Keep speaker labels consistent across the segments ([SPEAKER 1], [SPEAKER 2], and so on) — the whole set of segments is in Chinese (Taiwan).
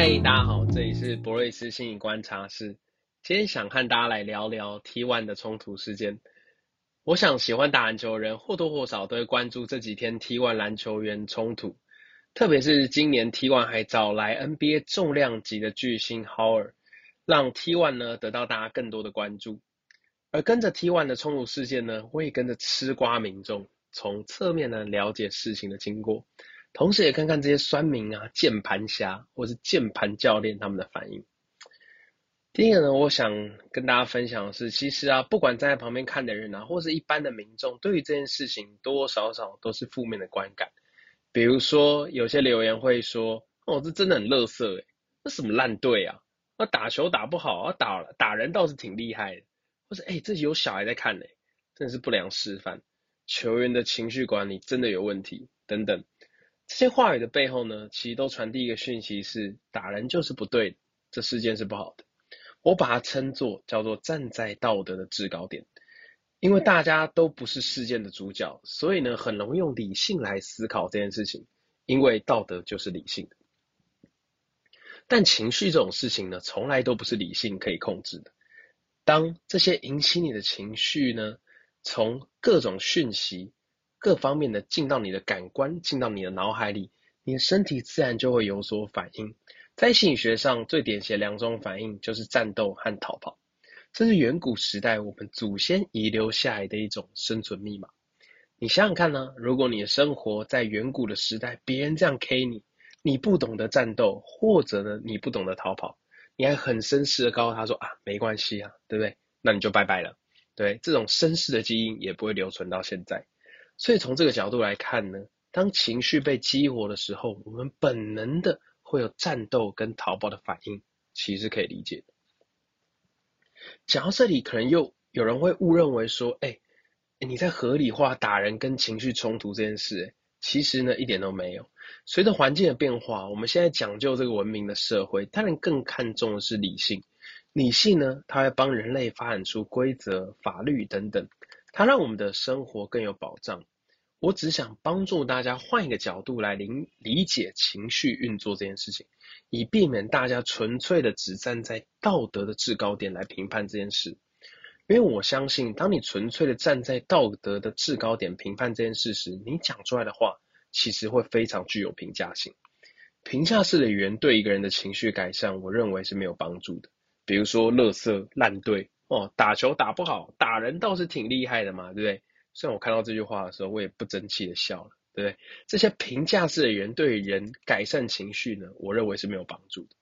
[SPEAKER 1] 嗨，大家好，這裡是博瑞斯心理觀察室。今天想和大家來聊聊 T1 的衝突事件。我想喜歡打籃球的人或多或少都會關注這幾天 T1 籃球員衝突，特別是今年 T1 還找來 NBA 重量級的巨星 Howard，讓 T1 呢得到大家更多的關注。而跟着 T1 的衝突事件呢，我也跟着吃瓜民眾，從側面呢了解事情的經過。同時也看看這些酸民啊、鍵盤俠或是鍵盤教練他們的反應。第一個呢，我想跟大家分享的是，其實啊，不管站在旁邊看的人啊，或是一般的民眾，對於這件事情多多少少都是負面的觀感。比如說，有些留言會說：“哦，這真的很垃圾、欸，哎，這什麼爛隊啊？那打球打不好，打打人倒是挺厲害。”的。」或是：“哎，這有小孩在看呢、欸，真的是不良示範，球員的情緒管理真的有問題。”等等。這些話語的背後呢，其實都傳遞一個訊息是：是打人就是不對的，這事件是不好的。我把它稱作叫做站在道德的制高點，因為大家都不是事件的主角，所以呢，很容易用理性來思考這件事情。因為道德就是理性的，但情緒這種事情呢，從來都不是理性可以控制的。當這些引起你的情緒呢，從各種訊息。各方面的進到你的感官，進到你的腦海裡，你的身體自然就會有所反應。在心理學上，最典型的兩種反應就是戰鬥和逃跑，這是遠古時代我們祖先遺留下來的一種生存密碼。你想想看呢，啊，如果你的生活在遠古的時代，別人這樣 K 你，你不懂得戰鬥，或者呢你不懂得逃跑，你還很紳士的告訴他說啊沒關係啊，對不對？那你就拜拜了。對，這種紳士的基因也不會留存到現在。所以從這個角度來看呢，當情緒被激活的時候，我們本能的會有戰鬥跟逃跑的反應，其實可以理解的。講到這裡，可能又有人會誤認為說，哎，你在合理化打人跟情緒衝突這件事，其實呢一點都沒有。隨着環境的變化，我們現在講究這個文明的社會，當然更看重的是理性。理性呢，它會幫人類發展出規則、法律等等。它讓我們的生活更有保障。我只想幫助大家換一個角度來理理解情緒運作這件事情，以避免大家純粹的只站在道德的制高點來評判這件事。因為我相信，當你純粹的站在道德的制高點評判這件事時，你講出來的話其實會非常具有評價性。評價式的語言對一個人的情緒改善，我認為是沒有幫助的。比如說，垃圾、爛隊。哦，打球打不好，打人倒是挺厲害的嘛，對不對？雖然我看到這句話的時候，我也不爭氣的笑了，對不對？這些評價式的語言對於人改善情緒呢，我認為是沒有幫助的。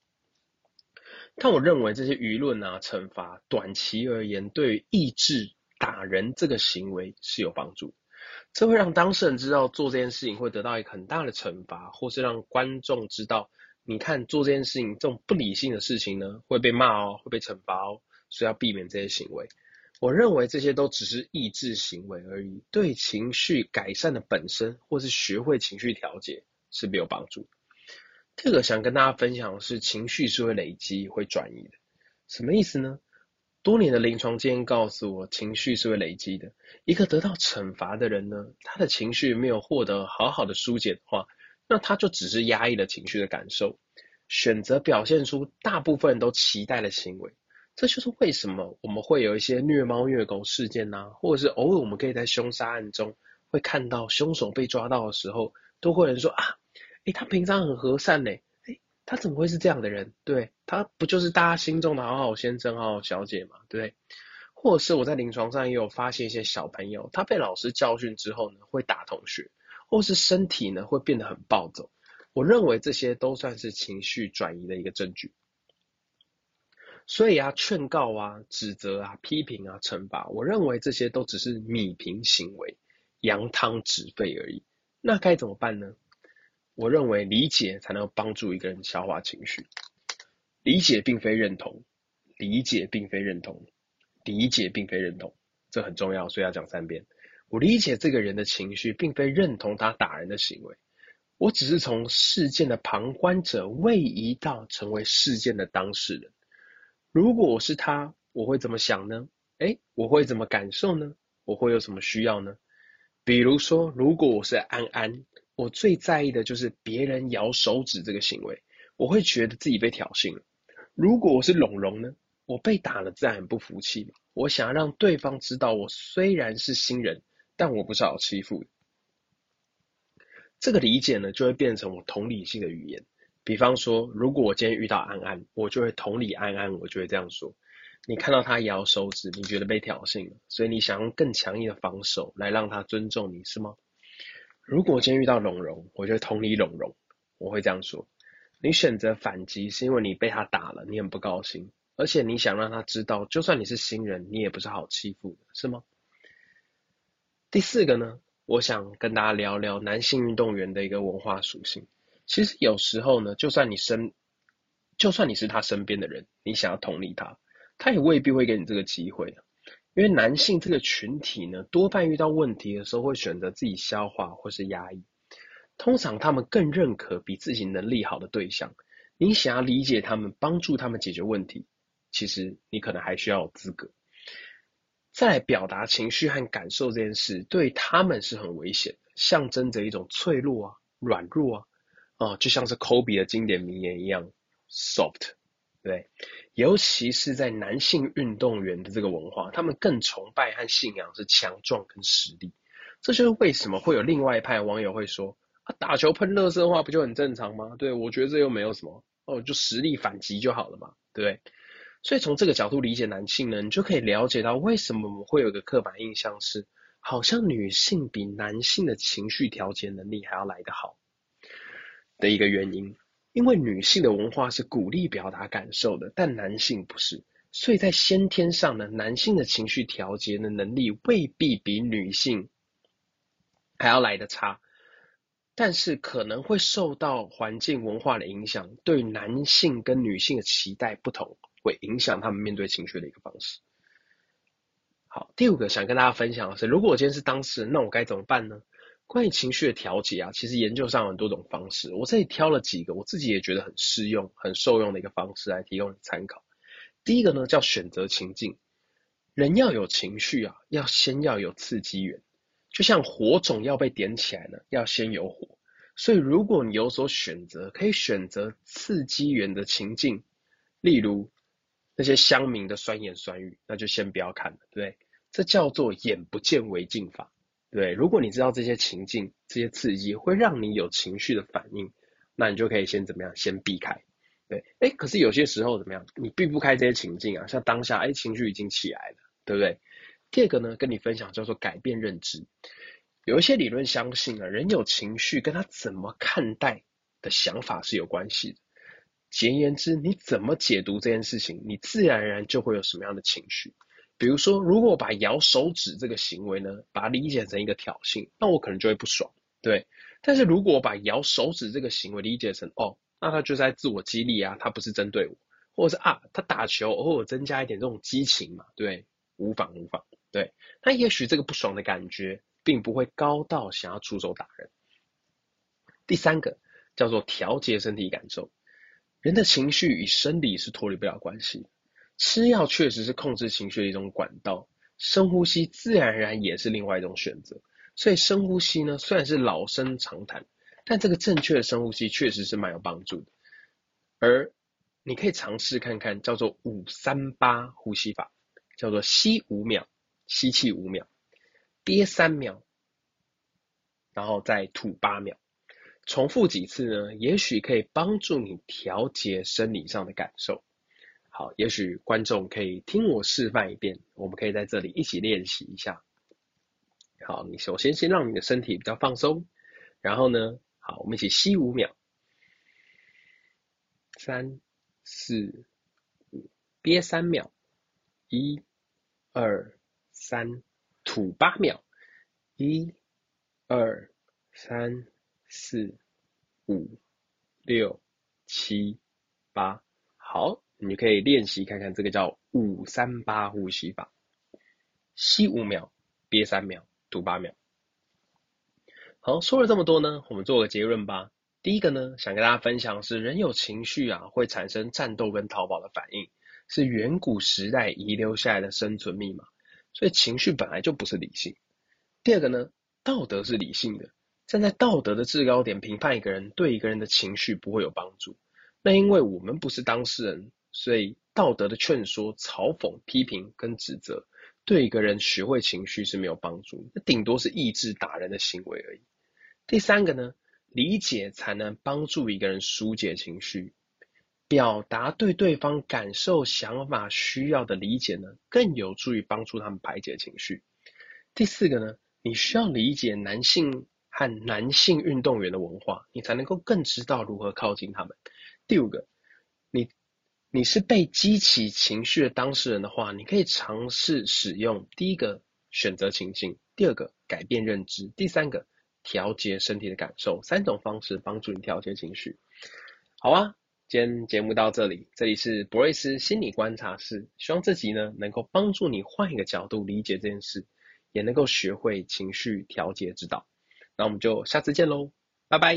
[SPEAKER 1] 但我認為這些輿論啊，懲罰，短期而言，對於抑制打人這個行為是有幫助的。這會讓當事人知道做這件事情會得到一個很大的懲罰，或是讓觀眾知道，你看做這件事情這種不理性的事情呢，會被罵哦，會被懲罰哦。所以要避免這些行為，我認為這些都只是抑制行為而已，對情緒改善的本身或是學會情緒調節是沒有幫助。這個想跟大家分享的是，情緒是會累積、會轉移的。什麼意思呢？多年的臨床經驗告訴我，情緒是會累積的。一個得到懲罰的人呢，他的情緒沒有獲得好好的疏解的話，那他就只是壓抑了情緒的感受，選擇表現出大部分人都期待的行為。這就是為什麼我們會有一些虐貓虐狗事件吶、啊，或者是偶爾我們可以在凶殺案中會看到凶手被抓到的時候，都會有人說啊，誒他平常很和善嘞，誒，他怎麼會是這樣的人？對，他不就是大家心中的好好先生、好好小姐嘛，對不對？或者是我在臨床上也有發現一些小朋友，他被老師教訓之後呢，會打同學，或是身體呢會變得很暴走。我認為這些都算是情緒轉移的一個證據。所以啊，勸告啊、指責啊、批評啊、懲罰，我認為這些都只是弭平行為、揚湯止沸而已。那該怎麼辦呢？我認為理解才能幫助一個人消化情緒。理解並非認同，理解並非認同，理解並非認同，這很重要，所以要講三遍。我理解這個人的情緒，並非認同他打人的行為。我只是從事件的旁觀者位移到成為事件的當事人。如果我是他，我會怎麼想呢？哎，我會怎麼感受呢？我會有什麼需要呢？比如說，如果我是安安，我最在意的就是別人搖手指這個行為，我會覺得自己被挑釁了。如果我是龍龍呢？我被打了，自然很不服氣。我想要讓對方知道，我雖然是新人，但我不是好欺負的。這個理解呢，就會變成我同理性的語言。比方說，如果我今天遇到安安，我就會同理安安，我就會這樣說：你看到他搖手指，你覺得被挑釁了，所以你想用更強硬的防守來讓他尊重你，是嗎？如果我今天遇到龍龍，我就會同理龍龍，我會這樣說：你選擇反擊是因為你被他打了，你很不高興，而且你想讓他知道，就算你是新人，你也不是好欺負的，是嗎？第四個呢，我想跟大家聊聊男性運動員的一個文化屬性。其實有時候呢，就算你身，就算你是他身邊的人，你想要同理他，他也未必會給你這個機會啊。因為男性這個群體呢，多半遇到問題的時候會選擇自己消化或是壓抑。通常他們更認可比自己能力好的對象。你想要理解他們、幫助他們解決問題，其實你可能還需要有資格。再來表達情緒和感受這件事，對他們是很危險的，象徵着一種脆弱啊、軟弱啊。哦，就像是 Kobe 的經典名言一樣，soft，對。尤其是在男性運動員的這個文化，他們更崇拜和信仰是強壯跟實力。這就是為什麼會有另外一派網友會說，啊，打球噴垃圾的話，不就很正常嗎？對，我覺得這又沒有什麼，哦，就實力反擊就好了嘛，對。所以從這個角度理解男性呢，你就可以了解到為什麼會有一個刻板印象是，好像女性比男性的情緒調節能力還要來得好。的一個原因，因為女性的文化是鼓勵表達感受的，但男性不是，所以在先天上呢，男性的情緒調節的能力未必比女性還要來得差，但是可能會受到環境文化的影響，對男性跟女性的期待不同，會影響他們面對情緒的一個方式。好，第五個想跟大家分享的是，如果我今天是當事人，那我該怎麼辦呢？關於情緒的調節啊，其實研究上有很多種方式，我這裡挑了幾個我自己也覺得很適用、很受用的一個方式來提供你參考。第一個呢，叫選擇情境，人要有情緒啊，要先要有刺激源，就像火種要被點起來呢，要先有火。所以如果你有所選擇，可以選擇刺激源的情境，例如那些鄉民的酸言酸語，那就先不要看了，對不對？這叫做眼不見為淨法。對，如果你知道這些情境、這些刺激，會讓你有情緒的反應，那你就可以先怎麼樣？先避開。對，哎，可是有些時候怎麼樣？你避不開這些情境啊，像當下，哎，情緒已經起來了，對不對？第二個呢，跟你分享叫做改變認知。有一些理論相信啊，人有情緒跟他怎麼看待的想法是有關係的。簡言之，你怎麼解讀這件事情，你自然而然就會有什麼樣的情緒。比如說，如果我把搖手指這個行為呢，把它理解成一個挑釁，那我可能就會不爽，對。但是如果我把搖手指這個行為理解成哦，那他就在自我激勵啊，他不是針對我，或者是啊，他打球偶爾增加一點這種激情嘛，對，無妨無妨，對。那也許這個不爽的感覺，並不會高到想要出手打人。第三個叫做調節身體感受，人的情緒與生理是脫離不了關係。吃藥確實是控制情緒的一種管道，深呼吸自然而然也是另外一種選擇。所以深呼吸呢，雖然是老生常談，但這個正確的深呼吸確實是蠻有幫助的。而你可以嘗試看看，叫做五三八呼吸法，叫做吸五秒，吸氣五秒，憋三秒，然後再吐八秒，重複幾次呢，也許可以幫助你調節生理上的感受。好，也許觀眾可以聽我示範一遍，我們可以在這裡一起練習一下。好，你首先先讓你的身體比較放鬆，然後呢，好，我們一起吸五秒，三、四、五，憋三秒，一、二、三，吐八秒，一、二、三、四、五、六、七、八，好。你就可以練習看看，這個叫五三八呼吸法，吸五秒，憋三秒，吐八秒。好，說了這麼多呢，我們做個結論吧。第一個呢，想跟大家分享是，人有情緒啊，會產生戰鬥跟逃跑的反應，是遠古時代遺留下來的生存密碼，所以情緒本來就不是理性。第二個呢，道德是理性的，站在道德的制高點評判一個人，對一個人的情緒不會有幫助，那因為我們不是當事人。所以道德的勸說、嘲諷、批評跟指責，對一個人學會情緒是沒有幫助的，那頂多是抑制打人的行為而已。第三個呢，理解才能幫助一個人疏解情緒，表達對對方感受、想法需要的理解呢，更有助於幫助他們排解情緒。第四個呢，你需要理解男性和男性運動員的文化，你才能夠更知道如何靠近他們。第五個，你。你是被激起情緒的當事人的話，你可以嘗試使用第一個選擇情境，第二個改變認知，第三個調節身體的感受三種方式幫助你調節情緒。好啊，今天節目到這裡，這裡是博瑞斯心理觀察室，希望這集呢能夠幫助你換一個角度理解這件事，也能夠學會情緒調節之道。那我們就下次見嘍，拜拜。